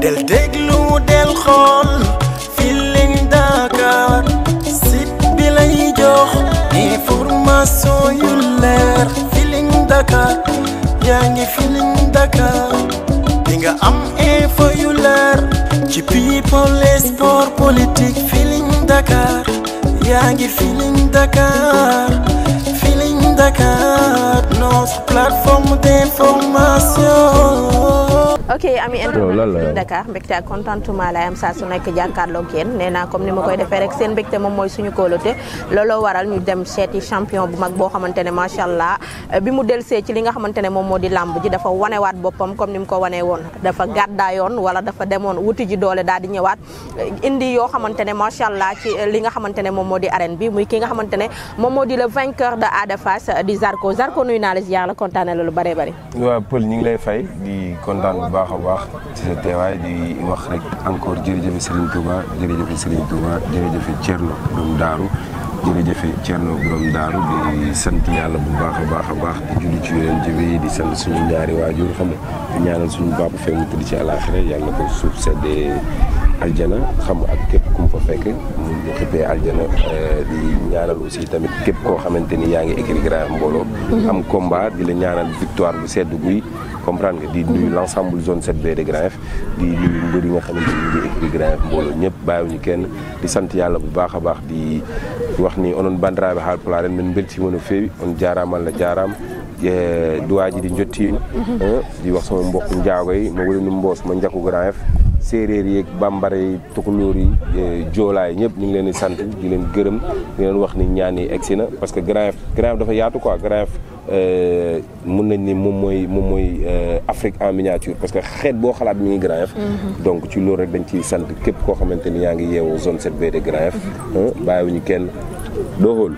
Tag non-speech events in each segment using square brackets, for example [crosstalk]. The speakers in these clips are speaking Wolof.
del déglu del xool Feeling Dakar site bi lay jox information leer Feeling Dakar yaa ngi Feeling Dakar di nga am info yu leer ci people et sport politique Feeling Dakar yaa ngi Feeling Dakar Feeling Dakar notre plateforme d'information. ok ami internet Dakar mbégte ak contentement lay am saa su nekk jàkkaarloog yéen nee naa comme ni ma koy defee rek seen mbégte moom mooy suñu kóolute looloo waral ñu dem seeti champion bu mag boo xamante ne macha allah bi mu delsee ci li nga xamante ne moom moo di làmb ji dafa wanewaat boppam comme ni mu ko wanee woon dafa gàddaayoon wala dafa demoon wuti ji doole daal di ñëwaat indi yoo xamante ne macha allah ci li nga xamante ne moom moo di arène bi muy ki nga xamante ne moom moo di le vainqueur de di la la ziar la kontaanee la lu bëree bëri. waaw Pël ñu ngi lay fay di kontaan bu baax a baax ci sa teewaay di wax rek encore jërëjëf Serigne Touba jërëjëf Serigne Touba jërëjëf Thierno Borom Daaru jërëjëf Thierno Borom Daaru di sant yàlla bu baax a baax a baax di julli ci yeneen jëbe di sant suñu ñaari waajur xam nga ñaanal suñu baabu fee mu tëdd ci àllaaxira yàlla ko suuf seddee. aljana xam ak képp ku mu fa fekk mu ñu xippee aljana eh, di ñaanal aussi tamit képp koo xamante ni yaa ngi écrit grand mbooloo mhm. am combat di la ñaanal victoire bu sedd guy comprendre nga di nuyu mhm. l'ensemble zone 7B de Grand F di nuyu mbër yi nga xamante ni ñu ngi écrit Grand F mbooloo ñëpp bàyyiwuñu kenn di sant yàlla bu baax a baax di wax ni onon bandiraɓe haalpulaaren min beltima no feewi on jarama allah jarama eh, duwaji ɗi jottima mhm. eh, di wax somo mbokko jaagoye mo woni ɗum mbosmo jakku grand f séeréer yeeg bambara yi tukulóor yi e, joolaa yi ñëpp ñu ngi leen di sant di leen gërëm di leen wax ni ñaan yi egsi na parce que Grand Yoff dafa yaatu ko Grand Yoff e, mun nañ ni moom mooy moom mooy e, Afrique en miniature parce que xeet boo xalaat mi ngi Grand Yoff mm-hmm. donc ci loolu rek dañ ciy sant képp koo xamante ni yaa ngi yeewoo zone 7B de Grand Yoff mm-hmm. bàyyiwuñu kenn doo xool.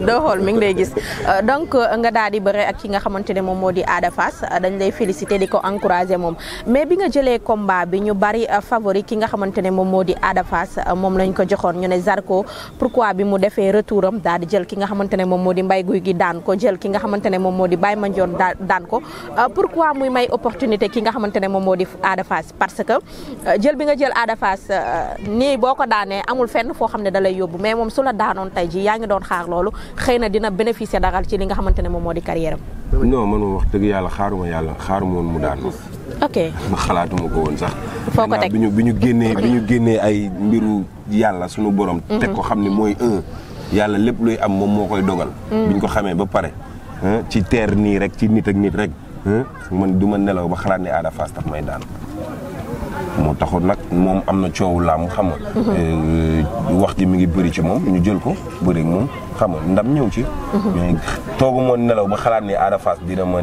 [laughs] doo ngi lay gis euh, donc euh, nga daal di bëre ak ki nga xamante ne moom moo di adafas euh, dañ lay féliciter di ko encourager moom mais bi nga jëlee combat bi ñu bari favori ki nga xamante ne moom moo di adafas moom lañ ko joxoon ñu ne Zarko pourquoi bi mu defee retouram daal di jël ki nga xamante ne moom moo di mbay guy gi daan ko jël ki nga xamante ne moom moo di Baye Mandione daan ko pourquoi muy may opportunité ki nga xamante ne moom moo di Ada Fass parce que jël bi nga jël Ada Fass boo ko daanee amul fenn foo xam ne da lay yóbbu mais moom su la daanoon tey ji yaa ngi doon xaar loolu xëy na dina bénéficier daral ci li nga xamante ne moom moo di carrière am moom wax dëgg yàlla xaaruma yàlla xaaruma woon mu daan ok xalaatuma ko woon sax foo ko teg ñu bi ñu génnee bi ñu génnee ay mbiru yàlla suñu borom mhm. teg ko xam ni mooy un yàlla lépp luy am moom moo koy dogal mhm. bi ko xamee ba pare ci teer nii rek ci nit ak nit rek man du ma nelaw ba xalaat ne Ada Fass tax may daan moo taxoon nag moom am na coowu laam xam nga. Mhm. Eh, wax ji mi ngi bëri ci moom ñu jël ko bëri moom xam ndam ñëw ci. Mhm. mais toogu nelaw ba xalaat ni Ada Fass dina ma.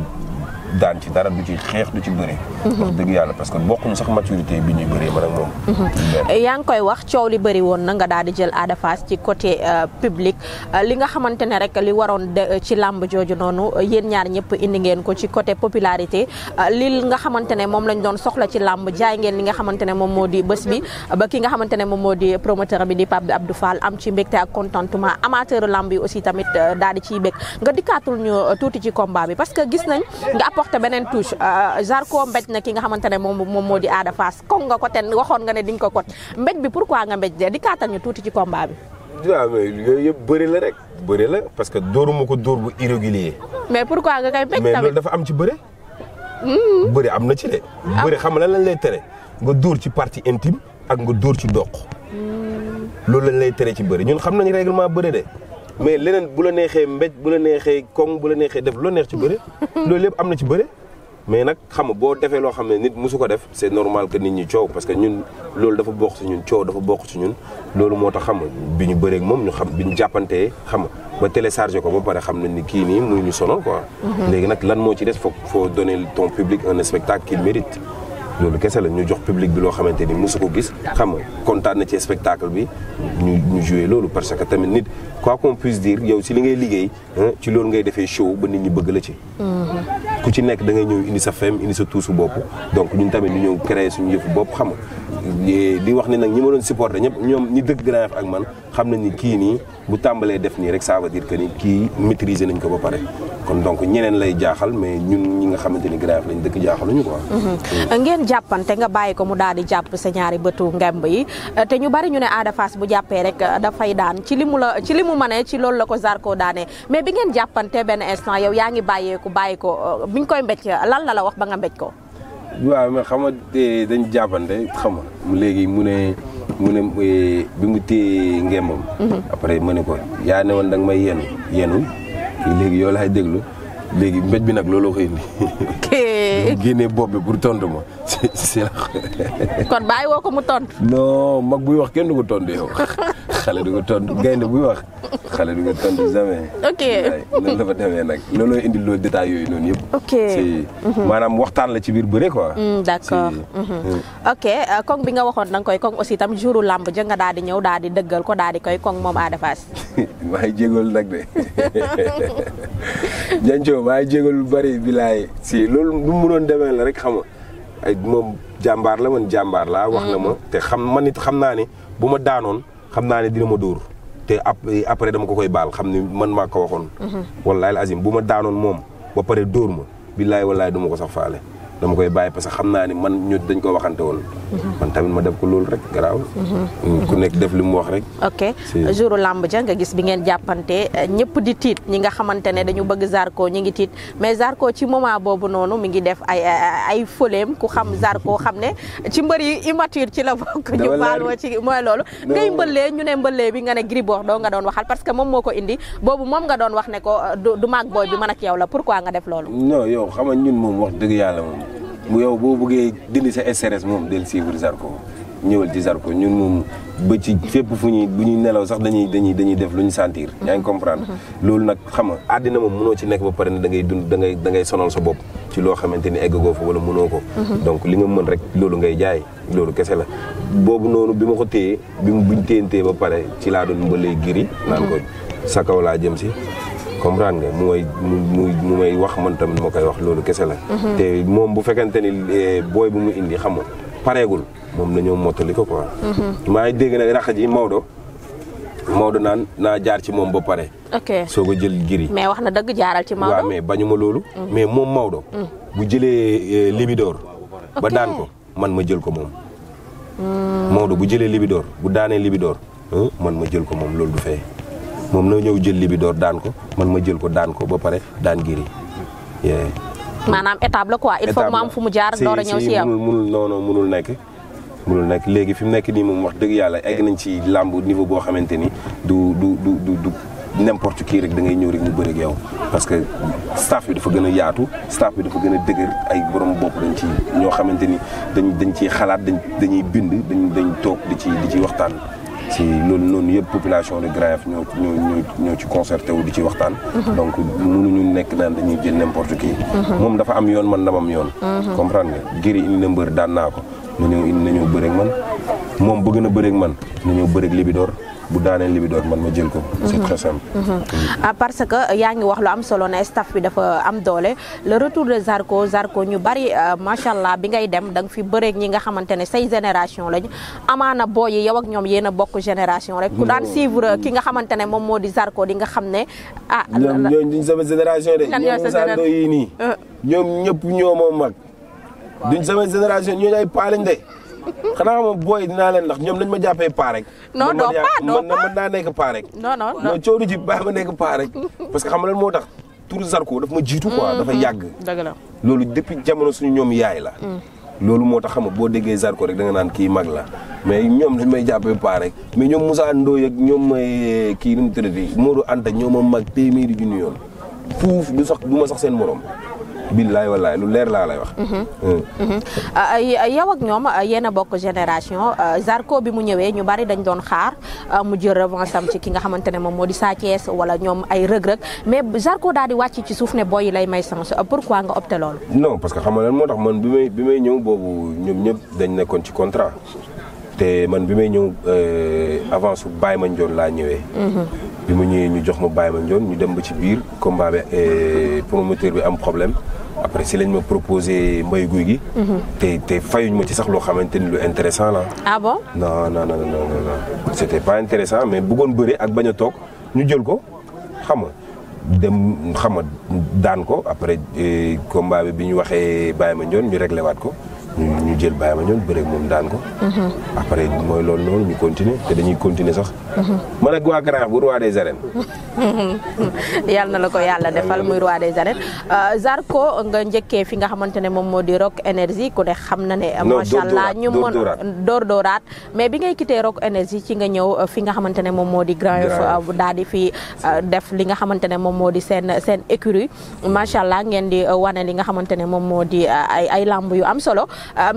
daan ci dara du ci xeex du ci bëri. Mhm. parce que bokkuñu sax maturité bi ñuy bëree man ak mhm. eh, yaa ngi koy wax coow li bëri woon na nga daal di jël Ada ci côté euh, public euh, li nga xamante ne rek li waroon euh, ci làmb jooju noonu yéen ñaar ñëpp indi ngeen ko ci côté popularité li nga xamante ne moom lañ doon soxla ci làmb jaay ngeen li nga xamante ne moom moo di bës bi ba ki nga xamante ne moom moo di promoteur bi di Pape Abdou Fall am ci mbégte ak contentement amateur làmb aussi tamit daal ciy bég nga dikkaatul ñu tuuti ci combat bi parce que gis nañ apporter beneen touche euh, Zarko mbéj na ki nga xamante ne moom moom moo di Ada Fass kon nga ko ten waxoon nga ne di nga ko kot mbéj bi pourquoi nga mbéj de di kaatal ñu tuuti ci combat bi. waaw mais bëri la rek bëri la parce que dóoruma ko dóor bu irrégulier. mais pourquoi nga koy mbéj tamit mais loolu dafa am ci bëri. Hmm. am na ci de. bëri xam la lañ lay tere nga dóor ci partie intime ak nga dóor ci doq. Hmm. loolu lañ lay tere ci bëri ñun xam nañ ma bëri de. mais leneen bu la neexee mbéj bu la neexee koŋ bu la neexee def lu la neex ci bëre [laughs] loolu lépp am na ci bëre mais nag xam nga boo defee loo xam ne nit mosu ko def c'est normal que nit ñi coow parce que ñun loolu dafa bokk ci ñun coow dafa bokk ci ñun loolu moo tax xam nga bi ñu bëreeg moom ñu xam bi ñu jàppante xam nga ba téléchargé ko ba pare xam na ni kii nii muy ñu sonal quoi mhm. léegi nag lan moo ci des foog faut donner ton public un spectacle qu'il mérite loolu kese la ñu jox public bi loo xamante ni mosu ko gis xam nga kontaan na ci spectacle bi ñu ñu joué loolu parce que tamit nit quoi qu'on puisse dire yow si li ngay liggéey ci loolu ngay defee show ba nit ñi bëgg la ci mm-hmm. ku ci nekk da ngay ñëw indi sa fem indi sa tuusu bopp donc ñun tamit ñu ñëw créer suñu yëfu bopp xam nga di wax ne nag ñi ma doon supporter ñëpp ñoom ñi dëgg Grand Yoff ak man xam nañ ni kii nii bu tàmbalee def nii rek saaba veut dire que ni kii maîtriser nañ ko ba pare kon donc ñeneen lay jaaxal mais ñun ñi nga xamante ni grave lañ dëkk jaaxaluñu quoi. Mm-hmm. ngeen jàppante nga bàyyi ko mu daal di jàpp sa ñaari bëtu ngemb yi te ñu bari ñu ne Ada Fass bu jàppee rek dafay daan ci li mu la ci li mu mënee ci loolu la ko Zarko daanee mais bi ngeen jàppante benn instant yow yaa ngi bàyyeeku bàyyi ko mu euh, ñu koy mbéj lan la la wax ba nga mbéj ko. xam nga dañ jàppante xam léegi mu ne mu ne eh, bi mu téye ngembam. mu mm-hmm. ne ko yaa ne woon nga may yenu yenul léegi yoo laay déglu léegi mbéj bi nag looloo koy indi. ok [laughs] génnee bopp bi pour tontu ma si si kon bàyyi woo ko mu tontu. non mag buy wax kenn du ko tontu [laughs] xale du ko tontu gaynde buy wax xale du ko tontu jamais. ok la fa demee nag looloo indi loolu détails yooyu noonu yëpp. Mhm. maanaam waxtaan la ci biir bëre quoi. Mm, d' accord mhm. mm. ok euh, koŋ bi nga waxoon da nga koy koŋ aussi tam jouru làmb ja nga daal daal di dëggal ko daal di koy koŋ moom Ada Fass. maa [laughs] ngi jégalu nag de [laughs] Jancho maa ngi jégalu lu bari bilaay si loolu lu mu mënoon demee la rek xam nga moom jàmbaar la man jàmbaar laa wax nga ma mm. te xam man it xam naa ne bu ma daanoon. xam naa ne dina ma dóor te après dama ko koy baal xam ne man maa ko waxoon. Mhm. wallaahi al azim bu ma daanoon moom ba pare dóor ma billaay wallaay du ma ko sax faale. dama koy bàyyi parce que xam naa ni man ñu dañ ko waxante woon. man tamit ma def ko loolu rek garaaw. ku nekk def li mu wax rek. ok jouru làmb ja nga gis bi ngeen jàppante ñëpp di tiit ñi nga xamante ne dañu bëgg Zarko ñi ngi tiit mais ko ci moment boobu noonu mi ngi def ay ay fëleem ku xam Zarko xam ne ci mbër yi immature ci la bokk. ñu baal ma ci mooy loolu. ngay mbëllee ñu ne mbëllee bi nga ne Gris Bordeaux nga doon waxal parce que moom moo ko indi boobu moom nga doon wax ne ko du maag booy bi man ak yow la nga def loolu. non yow xam nga ñun moom wax dëgg yàlla moom yow boo bëggee dindi sa stress moom del suivre Zarko ñëwal ci Zarko ñun moom ba ci fépp fu ñuy bu ñuy nelaw sax dañuy dañuy dañuy def lu ñu sentir. Mhm. yaa ngi comprendre mhm. loolu nag xam nga àddina moom mënoo ci nekk ba pare ne dangay ngay dund da ngay da sonal sa bopp ci loo xamante ni eggagoo fa wala munoo ko. Mhm. donc li nga mën rek loolu ngay jaay loolu kese la. boobu noonu bi ma ko téye bi mu buñ téyantee ba pare ci laa doon mbalay giri naan ko sa kaw laa jëm si. comprendre nga mu may mu mu may koy wax loolu kese la. Mhm. moom bu fekkente ni eh, booy bu mu indi xam nga pareegul moom nañoo mottali ko quoi. Mhm. maa ngi dégg nag rax ji Maodo Maodo naan naa jaar ci moom ba pare. ok soo ko jël giri. mais wax na dëgg jaaral ci Maodo. waaw mais bañu ma loolu. Mhm. mais moom Maodo. bu jëlee eh, libidoor. ba daan ko man ma jël ko moom. Mm. Maodo bu jëlee libidoor bu daane libidoor man ma jël ko moom loolu du fee. moom na ñëw jël Libidor daan ko man ma jël ko daan ko ba pare daan giri maanaam étape la quoi il faut mu fu mu jaar door a ñëw si yow munul non non munul nekk munul nekk léegi fi mu nekk nii moom wax dëgg yàlla egg nañ ci làmb niveau boo xamante ni du du du du du n'importe kii rek da ngay ñëw rek mu bëri ak yow parce que staff bi dafa gën a yaatu staff bi dafa gën a dëgër ay borom bopp dañ ci ñoo xamante ni dañ dañ ciy xalaat dañ dañuy bind dañ dañ toog di ci di ci waxtaan si loolu noonu yëpp population de Grand Yoff ñoo ñoo ñoo ci concerté wu di ci waxtaan. Mhm. donc ñu nekk naan dañuy jël n'importe qui. Mhm. moom dafa am yoon man dama am yoon. Mhm. comprendre nga giri indi na mbër daan naa ko na ñëw indi na ñëw man moom bëgg na bëreeg man na ñëw bëreeg libidoor bu daanee li bi man ma jël ko. c'est mhm. mhm. Mhm. Ah, parce que euh, yaa ngi wax lu am solo ne staff bi dafa am doole le retour de Zarko Zarko ñu bari euh, macha allah bi ngay dem da nga fi bëreeg ñi nga xamante ne say génération lañ amaana na yi yow ak ñoom yéen a bokk génération rek. ku daan suivre ki nga xamante ne moom moo di Zarko di nga xam ne a ah, ñoom ñooñu duñ sama génération de. ñoom Zarko yi nii. Euh. ñoom ñëpp ñoo mag. duñ sama génération ñooñu ay paalañ de. xanaa moom booy dinaa leen ndax ñoom dañ ma jàppee paa rek. non doo paa doo paa man naa nekk ma nekk paa parce que xam nga moo tax tur Zarko daf ma jiitu quoi mm, dafa mm. yàgg. la loolu depuis jamono suñu ñoom yaay la. Mm. loolu moo tax xam nga boo déggee Zarko rek da nga naan kii mag la mais ñoom dañ may jàppee paa mais ñoom Moussa Ndoye ak ñoom may eh, kii nu mu tëddee Modou Anta ñoom ma mag téeméeri junni yoon fuuf du ma sax seen morom. billaay wallaay lu leer laa lay wax. Mhm. Hmm. Mhm. yow ak ñoom yéen a bokk génération euh, Zarko bi mu ñëwee ñu bari dañ doon xaar euh, mu jël revanche am ci ki nga xamante ne moom moo di Sa Thiès wala ñoom ay rëg-rëg mais Zarko daal di wàcc ci suuf ne booy yi lay may sens euh, pourquoi nga opté loolu. non parce que xam nga lan moo tax man bi may bi ñëw boobu ñoom ñëpp dañ nekkoon ci contrat te man bi may ñëw avance su Baye Mandione laa ñëwee. Mhm. bi mu ñëwee ñu jox ma baay ma Mandione ñu dem ba ci biir combat bi eh, promoteur bi am problème après si lañ ma proposé mbay guy gi. Mhm. te te fayuñ ma ci sax loo xamante ni lu intéressant la. ah bon non non non non pas intéressant mais bëggoon bëre ak bañ a toog ñu jël ko xam xam nga daan ko après eh, combat bi bi ñu waxee Baye Mandione ñu réglé waat ko. ñu jël bàyyi ma ñoon bëreeg moom daan ko. Mhm. après mooy loolu noonu ñu continuer te dañuy continuer sax. Mhm. man ak waa Grand bu roi des arènes. Mhm. yàlla na la ko yàlla defal muy roi des arènes euh, Zarko nga njëkkee fi nga xamante ne moom moo di Rock Énergie ku xam na ne. macha allah ñu mën mais bi ngay quitté Rock Énergie ci nga ñëw euh, fi nga xamante ne moom moo di. Grand Yoff euh, daal di fi def li nga xamante ne moom moo di seen seen écurie macha allah ngeen di wane li nga xamante ne moom moo di ay ay yu am solo.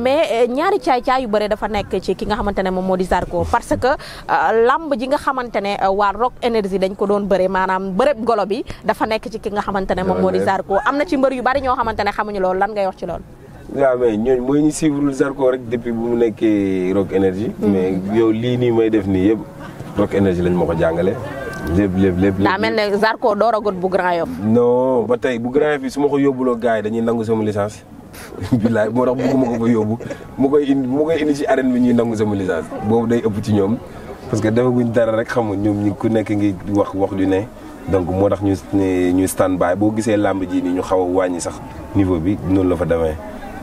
mais euh, ñaari caay-caay yu bëre dafa nekk ci ki nga xamante ne moom moo di sarko parce que euh, lamb ji nga xamante ne euh, waa Rock Énergie dañ ko doon bëre maanaam bërëb golo bi dafa nekk ci ki nga xamante ne moom moo di Zarko am na ci mbër yu bari ñoo xamante ne xamuñu loolu lan ngay wax ci lool waaw mais ñooñu mooy ñu suivre Zarko rek depuis bu mu nekkee Rock Énergie hmm. mais yow lii nii may def nii yëpp Rock Énergie lañ moo ko jàngale lépp lépp lépp daa mel ne Zarko dooragut bu Grand tey bu Grand bi su ko yóbbuloo gars yi dañuy nangu sama [laughs] billaay moo tax bëgguma ko fa yóbbu mu koy indi mu koy indi ci arène bi ñuy nangu sama licence boobu day ëpp ci ñoom parce que defaguñ dara rek xam nga ñoom ñi ku nekk ngi wax wax ju ne donc moo tax ñu ñu stand boo gisee làmb ji ni ñu xaw a wàññi sax niveau bi noonu la fa demee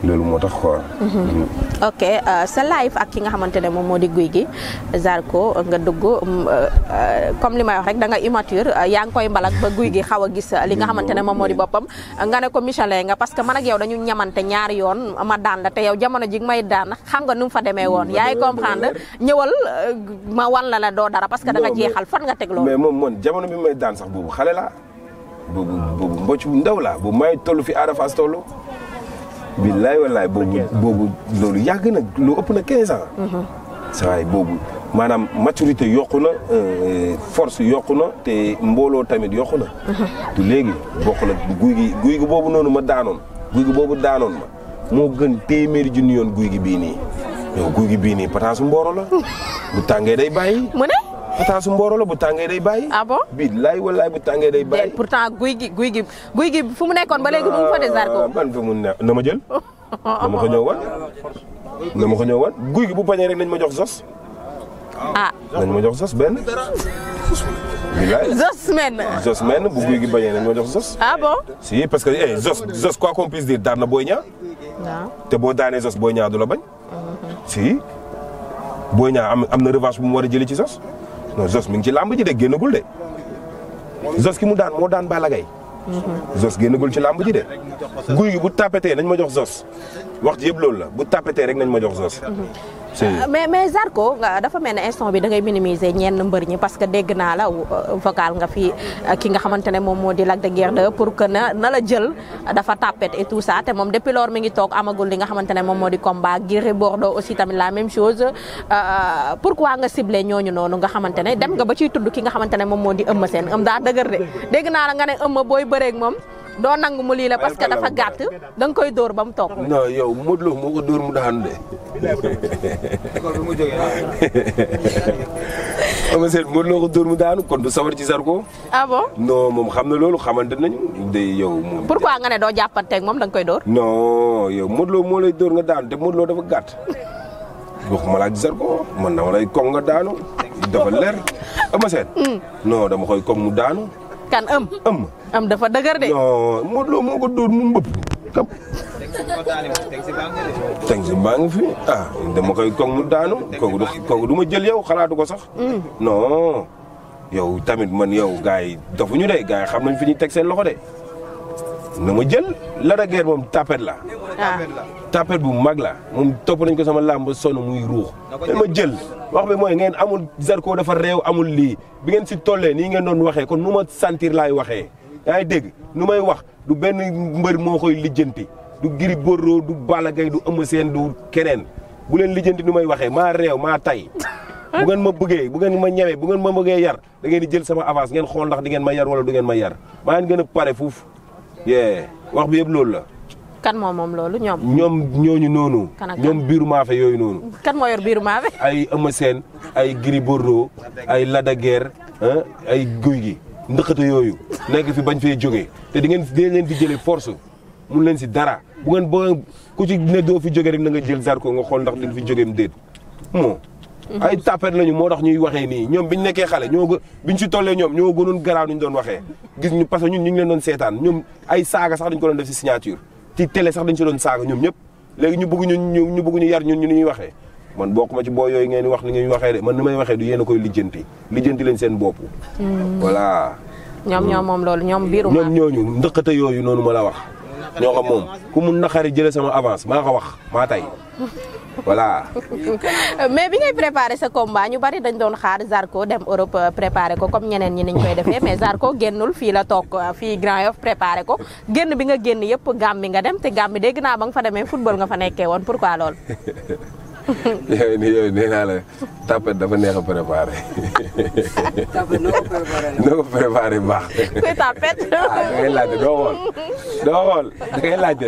loolu moo tax quoi. Mhm. ok euh, sa live ak ki nga xamante ne moom moo di guy gi ko nga dugg mm, euh, comme li may wax rek da nga immature euh, yaa ngi koy mbalak ba guy gi xaw a gis li nga xamante ne moom moo di mhm. boppam nga ne ko Michelin nga parce que man ak yow dañu ñamante ñaar yoon ma daan la te yow jamono ji may daan xam nga nu mu fa demee woon mhm. yaa ngi comprendre ñëwal ma wan la la doo dara parce que da nga jeexal fan nga teg loolu. mais moom man jamono bi may daan sax boobu xale la boobu ndaw la boobu may toll fi aada billaay wallaay boobu boobu loolu yàgg nag lu ëpp na 15 ans. saa mhm. waay boobu maanaam maturité yokku na euh, force yokk na te mbooloo tamit yokku na. Mhm. du léegi bokk na guy gi guy gi boobu noonu ma daanoon guy gi boobu daanoon ma moo gën téeméeri junni yoon guy gi bii nii yow guy gi bii nii pataas mbooro la [laughs] bu tàngee day bàyyi. pataasu mbooro la bu tàngee day bàyyi. ah bon billaay bu tàngee day bàyyi. pourtant guy gi guy gi guy gi fu mu nekkoon ba léegi mu ngi fa des arco. man ah, mu ne na ma jël. na ma ko na ma ko ñëw guy gi bu bañee rek nañ ma jox zos. ah nañ ma jox zos benn. bilaay zos men. zos men bu guy gi bañee nañ ma jox zos. ah bon si parce que eh zos zos quoi qu'on puisse daan na booy ñaar. Ah. te boo daanee zos booy ñaar du la bañ. Mm-hmm. si booy ñaar am am na revanche bu mu war a jëli ci zos. non Zos mi ngi ci làmb ji de génnagul de Zos ki mu daan moo daan Balla Gaye mhm. Zos génnagul ci làmb ji de guy gi bu tapetee nañ ma jox Zos wax ji yëpp la bu tapetee rek nañ ma jox mhm. euh, mais mais Zarko dafa mel ne instant bi da ngay minimiser ñenn mbër ñi parce que dégg naa la euh, vocal nga fi euh, ki nga xamante ne moom moo di Lac de Guiers pour que na na la jël dafa tapet et tout ça te moom depuis lors mi ngi toog amagul li nga xamante ne moom moo di combat Gris Bordeaux aussi tamit la même chose pourquoi nga ciblé ñooñu noonu nga xamante ne dem nga ba ciy tudd ki nga xamante ne moom moo di ëmm seen ëm daa dëgër de dégg naa la nga ne ëmm booy bëreeg moom. doo nangu mu lii la parce que dafa gàtt da koy dóor ba mu toog. non yow Modou Lo moo ko dóor mu daanu de. ama [laughs] seen Modou Lo ko dóor mu daanu kon du sawar ci Zarko. ah bon non moom xam na loolu xamante nañu day yow. moom pourquoi nga ne moom da nga koy dóor. non yow Modou Lo moo nga daanu de Modou Lo dafa gàtt. waxuma laaj Zarko man na lay koŋ nga daanu dafa leer ama [laughs] seen. Hmm. non dama koy koŋ mu daanu. kan ëm ëm. am dafa dëgër de. non Modou Lo moo ko dóor mu mbëpp teg si baa ngi fi ah koy koog mu daanu kooku du kooku du jël yow xalaatu ko sax. Mm. non yow tamit man yow gars yi dofuñu de gars xam nañ fi ñuy teg seen loxo de. na ma jël la da moom tapet la. tapet bu mag la moom topp nañ ko sama làmb sonn muy ruux. na ma jël wax bi mooy ngeen amul Zarko dafa réew amul lii bi ngeen si tollee nii ngeen doon waxee kon nu ma sentir laay waxee. yaa ngi dégg nu may wax du benn mbër moo koy lijjanti du Gris Bordeaux du Balla Gaye du Eumeu Sène du keneen bu leen lijjanti nu may waxee ma réew maa tay bu ngeen ma bëggee bu ngeen ma ñemee bu ngeen ma bëggee yar da di jël sama avance ngeen xool ndax di ngeen ma yar wala du ngeen ma yar maa ngeen gën a pare fuuf yee wax bu yëpp loolu la. kan moo moom loolu ñoom. ñoom ñooñu noonu. ñoom biiru maafe yooyu noonu. kan moo yor biiru maafe. ay Eumeu ay Gris Bordeaux ay Lac ay guy Gui ndëqate yooyu nekk fi bañ fee jógee te di ngeen di leen fi jëlee force mun leen si dara bu ngeen ba ku ci ne doo fi jógee rek na nga jël Zarko nga xool ndax di nga fi jógeem déet moo mhm. ay tapet lañu moo tax ñuy waxee nii ñoom biñ nekkee xale ñoo gë biñ si tollee ñoom ñoo gënoon garaaw ñu doon waxe gis ñu parce que ñun ñu ngi leen doon seetaan ñoom ay saaga sax dañ ko doon def si signature ci télé sax dañ si doon saaga ñoom ñëpp léegi ñu bëgg ñu ñu bëgg yar ñun ñu ñuy waxee man bokk ma ci boo yooyu ngeen wax ni ngeen waxee de man ni may waxee du yéen a koy lijjanti lijjanti leen seen bopp. Hmm. voilà. ñoom ñoom moom loolu ñoom biiru ñoom ñooñu ndëkkate yooyu noonu ma la wax. ñoo xam moom ku mun naqari jëlee sama avance maa ko wax maa tey voilà. [laughs] mais bi ngay préparé sa combat ñu bari dañ doon xaar Zarko dem Europe euh, préparé ko comme ñeneen ñi niñ koy defee mais Zarko génnul fii la toog euh, fii Grand Yoff préparé ko génn bi nga génn yëpp Gàmbi nga dem te Gàmbi dégg naa ba nga fa demee nga fa nekkee woon pourquoi lool. [laughs] yow ni yow nee naa la tapet dafa neex a préparé. tapet noo ko préparé la noo ko préparé baax. kuy tapet. ah da ngay laajte doo xool doo xool da ngay laajte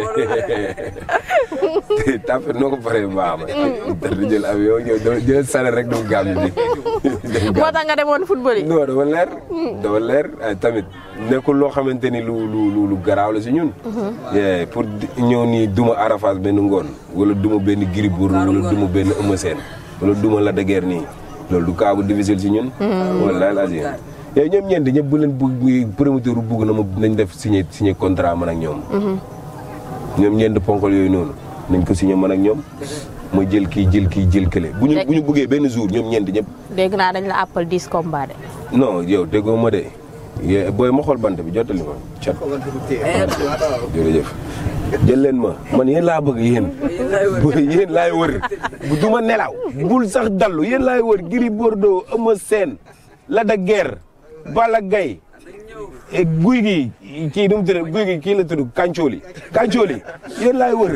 [laughs] tapet noo ko paree baax ma. dara jël avion ñëw jël rek dama gàmm bi. moo tax nga demoon football yi. non dama leer. dama leer tamit. nekkul loo xamante ni lu lu lu garaaw la si ñun. Mhm. pour ñëw nii duma Arafat benn ngoon wala duma benn Gris Bordeaux wala duma benn Eumeu Sène wala duma Lac de Guiers nii loolu du cas bu si ñun. wala laaj yéen yooyu ñoom ñeenti ñëpp bu leen bëgg promoteur bu nañ def signé signé contrat man ak ñoom. Mhm. ñoom ñeenti ponkal yooyu noonu nañ ko signé man ak ñoom. ma jël kii jël kii jël kële. bu ñu bu ñu bëggee benn jour ñoom ñeenti ñëpp. dégg naa dañ la appal 10 combat yee booy ma bant bi jottali ma cat jërëjëf jël leen ma man yéen laa bëgg yéen yéen laay wër du ma nelaw bul sax dallu yéen laay wër Gris Bordeaux doo Sène Lac de Guiers Balla Gaye eh, guy gi kii nu mu tudd guy gi kii la tudd Kancooli Kancooli yéen laay wër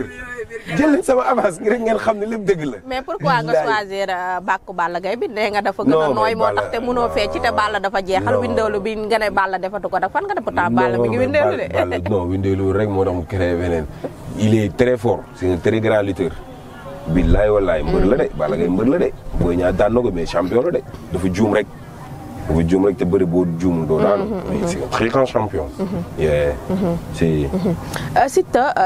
jël leen sama avance ngir ngeen xam ne lépp dëgg la. mais pourquoi nga choisir euh, bàkku Balla Gaye bi nee nga dafa gën a nooy moo tax te mënoo fee ci te Balla dafa jeexal windeelu bi nga ne Balla defatu ko nag fan nga ne pourtant Balla mi ngi lu de. non windeelu rek moo tax mu créé beneen il est très fort c'est un très grand lutteur. billaay la de Balla Gaye mbër la de. booy ñaar daan na ko mais champion la de dafa juum rek. bu juum rek te bëri boo juum doo mm-hmm. daanu. Mm-hmm. c'est mm-hmm. Euh, euh,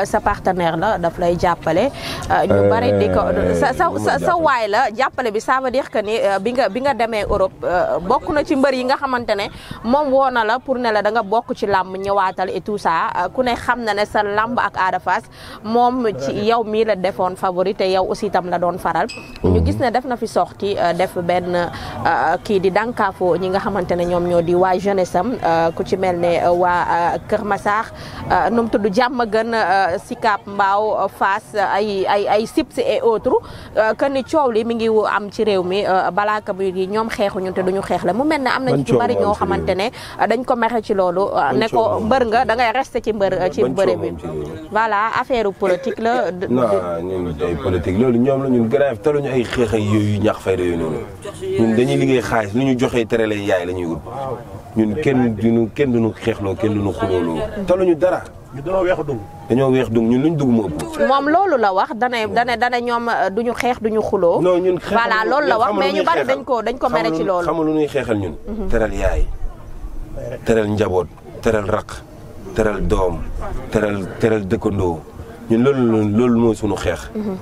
sa partenaire la daf lay jàppale. Euh, ñu bari di ko sa sa sa waay la jàppale bi ça veut que ni bi nga bi nga demee Europe bokk na ci mbër yi nga xamante ne moom woo na la pour ne la da nga bokk ci làmb ñëwaatal et tout ça ku ne xam na ne sa làmb ak Ada moom ci yow mii la defoon favori te yow aussi itam la doon faral. ñu gis ne def na fi sorti def benn kii di dànkaafoo ñi nga xamante ne ñoom ñoo di waa jeunesse am euh, ku ci mel ne euh, waa euh, Kër Massar nu mu tudd jàmm a gën Sicap Mbao fas ay ay ay Sips et autres que ni coow li mi ngi am ci réew mi balaa ka bi ñoom xeexuñu te duñu xeex la mu mel ni am na ñu ci bari ñoo xamante ne dañ ko mexe ci loolu ne ko mbër nga da ngay rester ci mbër ci mbëre bi voilà affaire politique la [laughs] non ñun ay la ñun grave taluñu ay noonu ñun dañuy liggéey xaalis lu ñu joxee tere xale yaay la ñuy wut ñun kenn duñu kenn duñu xeexloo kenn duñu xulooloo taluñu dara dañoo weex dung dañoo weex dung ñun luñ dugg moo ëpp moom loolu la wax dana dana dana ñoom euh, duñu xeex duñu xuloo non ñun voilà loolu la wax mais ñu bari dañ ko dañ ko mere ci loolu xam lu ñuy xeexal ñun mhm. teral yaay teral njaboot teral raq teral doom teral teral dëkkandoo ñun loolu loolu mooy suñu xeex mhm.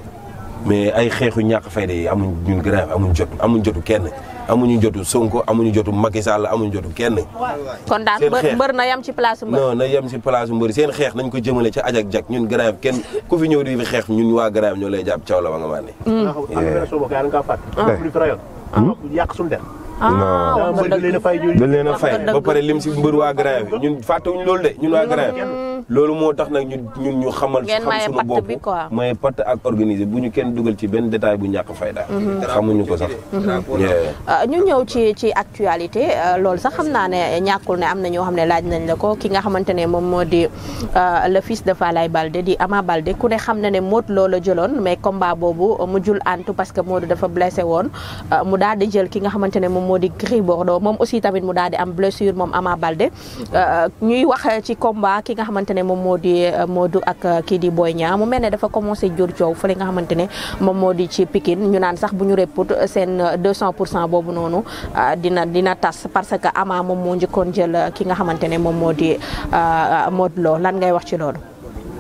mais ay xeexu ñàkk fayda yi amuñ ñu grave amuñ jot jotu kenn amuñu jotu Sonko amuñu jotu Macky Sall amuñu jotu kenn. kon daal mbër na yem ci place mbër. non na yem ci place mbër xeex nañ ko jëmale ca ajak jak ñun grave kenn ku fi ñëw di fi xeex ñun waa grave ñoo lay jàpp caw la ba nga màndi. Mm. Eh. Eh. Hmm? Ah. non mbër dañ a fay ba pare lim si mbër waa grave ñun fàttewuñ loolu de ñun waa grave loolu moo tax nag ñu ñun ñu xamal. xam suñu bopp maye patt ak organisé bu ñu kenn dugal ci benn détail bu ñàkk fayda mhm. xamuñu ko sax. Mhm. Ah, ñu ñëw ci actualité euh, loolu sax xam naa ne ñàkkul ne am na ñoo xam ne laaj nañ la ko ki nga xamante ne moom moo di euh, le fils de Falaye Balde di Ama Balde ku ne xam na ne Modou lool la jëloon mais combat boobu euh, jul antu parce que moo Modou dafa blessé woon mu daal di jël ki nga xamante ne moom moo di Gris Bordeaux moom aussi tamit mu daal di am blessure moom Ama Balde ne moom moo di moo eh, Modou ak eh, kii di booy Niang mu mel ne dafa commencé jur coow fële nga xamante ne moom moo di ci pikin ñu naan sax bu ñu repput seen 200 eh, pour cent boobu noonu dina dina tas parce que Ama moom moo njëkkoon jël ki nga xamante ne moom moo di Modou loo lan ngay wax ci loolu.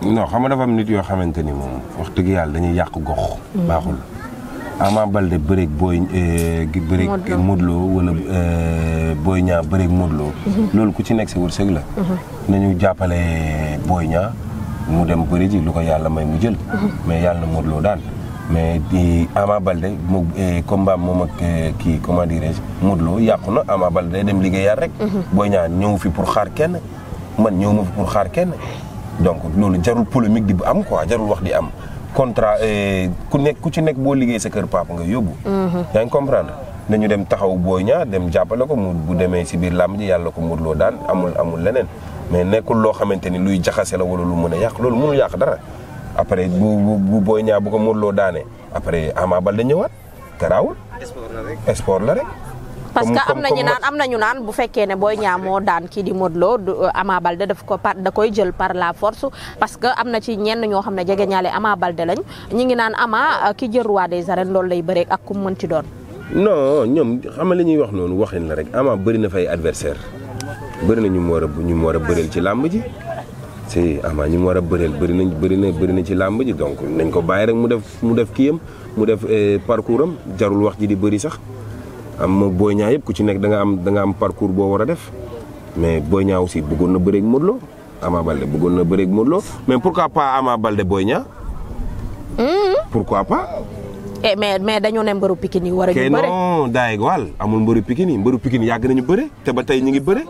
non xam nga nit yoo xamante ni moom wax dëgg yàlla dañuy yàq gox. Mm-hmm. baaxul. Ama Baldé bëreeg booy eh, bëreeg Modou Lo wala eh, Boy Niang bëreeg Modou Lo mhm. loolu ku ci nekk sa wërsëg la mhm. nañu jàppale Boy Niang mu dem bëri lu ko yàlla may mu jël mhm. mais yàlla na Modou daan mais di Ama Baldé comme eh, combat moom ak kii comment dirais-je Modou yàqu na Ama Baldé dem liggéeyaat rek Boy ñaa ñëw fi pour xaar kenn man ñëw ma fi pour xaar kenn donc loolu jarul polémique di bu am ko jarul wax di am contrat eh, ku nekk ku ci nekk boo liggéey sa kër papa nga yóbbu. Mhm. yaa ngi comprendre nañu dem taxaw booy ñaar dem jàppale ko mu bu demee si biir làmb ji yàlla ko Modou Lo daan amul amul leneen mais nekkul loo xamante ni luy jaxase la wala lu mën a yàq loolu mënul yàq dara après bu bu booy ñaar bu ko Modou Lo daanee après Ama Baldé ñëwaat garaawul. sport la rek sport la rek. parce que am na ñu naan am na ñu naan bu fekkee ne booy Niang moo daan kii di Modou Lo euh, Ama Balde daf ko par da koy jël par la force parce que am na ci ñenn ñoo xam ne jege ñaale Ama Balde lañ ñi ngi naan Ama euh, ki jël roi des arènes loolu lay bëree ak ku mu mënti doon. non ñoom xam nga li ñuy wax noonu waxin la rek Ama bëri na fay adversaire bëri na ñu mu war a ñu mu a bëreel ci làmb ji. si Ama ñu mu war a bëreel bëri nañ bëri na bëri na ci làmb ji donc nañ ko bàyyi rek mu def mu def kiyam mu def euh, parcours am jarul wax ji di bëri sax. am ma Boy Niang yëpp ku ci nekk da nga am da nga am parcours boo war a def mais Boy Niang aussi bëggoon na bëreeg Modou Lo Ama Baldé bëggoon na bëreeg Modou Lo mais pourquoi pas Ama Baldé booy Niang. Hmm? pourquoi pas. eh mais mais dañoo ne mbëru Pikine yi war a ñu bëre. non daay wàll amul mbëru Pikine yi yàgg nañu bëre te ba tey ñu ngi bëre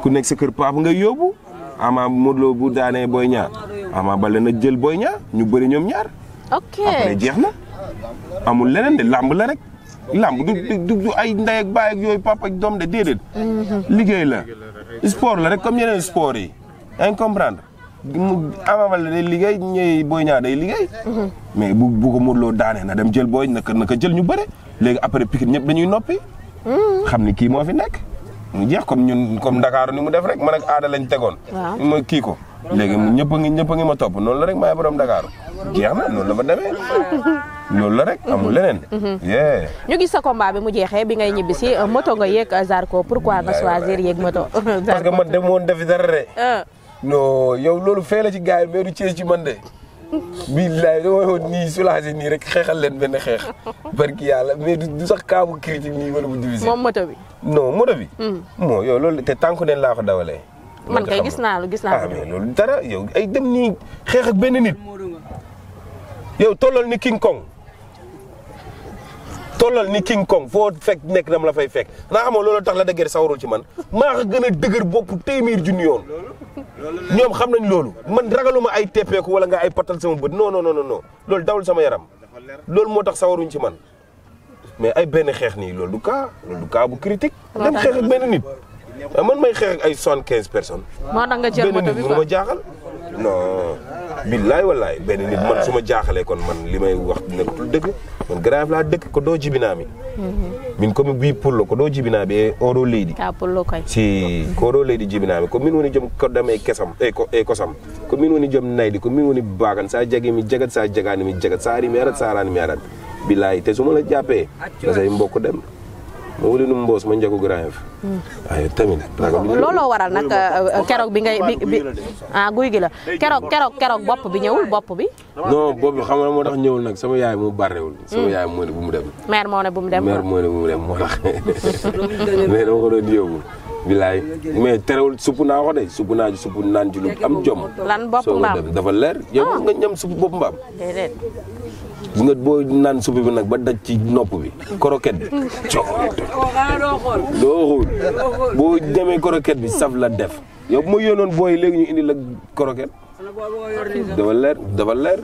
ku nekk sa kër paap nga yóbbu Ama Modou Lo bu daanee Boy Niang Ama Baldé jël Boy Niang ñu bëri ñoom ñaar. ok jeex na amul leneen de làmb la rek. làmb du du du ay ndey ak baay ak yooyu papa de déedéet. Mhm. liggéey la sport la rek comme yeneen sport yi. yaa ngi comprendre mu Ama Baldé day liggéey ñëw Boy Niang day liggéey. Mhm. mais bu bu ko Modou daanee na dem jël booy naka naka jël ñu bëre léegi après Pikine ñëpp dañuy noppi. Mhm. xam ni kii moo fi nekk. mu jeex comme ñun comme Dakar ni mu def rek ma ak aada lañ tegoon. ma kii ko. léegi ñëpp a ngi ñëpp a ma topp noonu la rek maay borom Dakar jeex na noonu la ma demee. [laughs] loolu la rek amul mhm. leneen. Mhm. yee. ñu gis sa combat bi mu jeexee bi ngay ñibbi si euh, moto nga yéeg euh, Zarko pourquoi nga choisir yéeg moto. parce que man demoon dara de. Ah. yow loolu fee la ci gars yi mais du ci ci man de. billaay dama woon nii soulagé nii rek leen benn xeex. yàlla mais du kaa bu critique nii wala bu divisé. moom moto bi. moto bi. moo mhm. yow loolu te tànku neen laa ko dawalee. man kay gis naa lu gis naa ah loolu dara yow ay dem nii xeex ak benn nit. yow tollal ni King tollal ni King Kong foo fekk nekk nam la fay fekk xanaa xamoo loolu tax la dëgër sawarul ci man maa ko gën a dëgër bopp téeméer junni yoon ñoom xam nañ loolu man ragaluma ay teppeeku wala nga ay patal sama bët non non non non loolu dawul sama yaram loolu moo tax sawaruñ ci man mais ay benn xeex nii loolu du kaa bu critique dem xeex ak benn nit ah, man may xeex ay soixante-quinze personnes moo tax nga jël moto bi benn nit ma jaaxal non billaay wallaay benn nit man su ma jaaxalee kon man li may wax nekkatul dëgg man Grand Yoff laa dëkk ko doo jibinaami mhm. min komi wi pullo ko doo jibinaɓe e eh, oɗo leydi ka ah, pullo koy si ko oɗo leydi jibinaɓe komin woni joom koddam e kesam e kosam komin woni joom naydi komin woni bakan sa jagui mi jagat sa jagani mi jagat sa ari mi arat sa arani mi arat billayi te sumala jappe asa mbokko dem ma wuli nu mboos ma njëkku Grand Yoff. waaye hmm. tamit. looloo waral nag euh, euh, keroog bi ngay bi guy gi la ah, keroog keroog keroog bopp bi ñëwul bopp bi. non bopp bi xam nga moo tax ñëwul nag sama yaay mu barewul. sama hmm. yaay moo ne bu mu dem. mère moo ne bu mu dem mère moo ne bu mu dem moo tax [laughs] [laughs] mais dama ko doon yóbbu. bilaay mais terewul supp naa ko de supp naa ci supp naan ci lu am jom. lan bopp mbaam dafa leer ah. nga ñam supp bopp mbaam. bu boo naan supp bi nag ba daj ci nopp bi croquette bi doo xool boo demee croquette bi saf la def yow bu ma yónnoon booy léegi ñu indi la koroket dafa leer dafa leer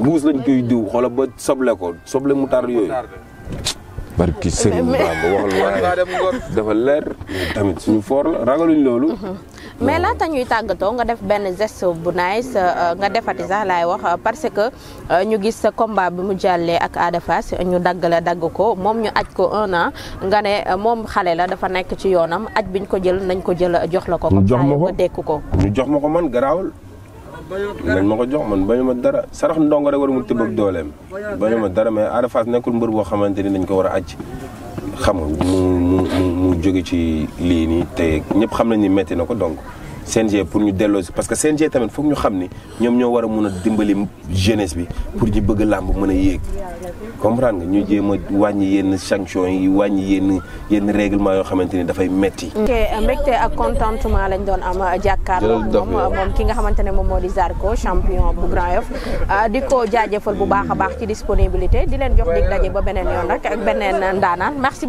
mbuus lañ koy diw xoola ba soble ko soble mu tar yooyu barki sëriñ Bamba waxal waaye [laughs] dafa leer tamit suñu foor la ragaluñ loolu mais laata ñuy tàggatoo nga def benn gest bu nice euh, nga defati sax laay wax euh, parce que euh, ñu gis sa combat bi mu jàllee ak Ada ñu dagg la dagg ko moom ñu aj ko un an nga ne moom xale la dafa nekk ci yoonam aj biñ ko jël nañ ko jël jox la ko. mu jox ma ko dekk ko. ñu jox ma ko man garaawul. nañ ma ko jox man bañu ma dara sarax ndongo rek war mu tëb ak dooleem bañu ma dara mais Ada nekkul mbër boo xamante ni dañ ko war a aj xam mu jóge ci lii nii te ñëpp xam nañ ni metti na ko donc CNG pour ñu delloo si parce que CNG tamit foog ñu xam ni ñoom ñoo war a mun a dimbali jeunesse bi pour ñu bëgg làmb mën a yéeg comprendre nga ñu jéem a wàññi yenn sanction yi wàññi yenn yenn règlement yoo xamante ni dafay metti mbégte ak contentement lañ doon am euh, jàkkaarloo moom ki nga xamante ne moom moo di Zarko champion bu Grand Yoff euh, di ko jaajëfal bu baax a baax ci disponibilité di leen jox dig daje ba beneen yoon rek ak beneen ndaanaan merci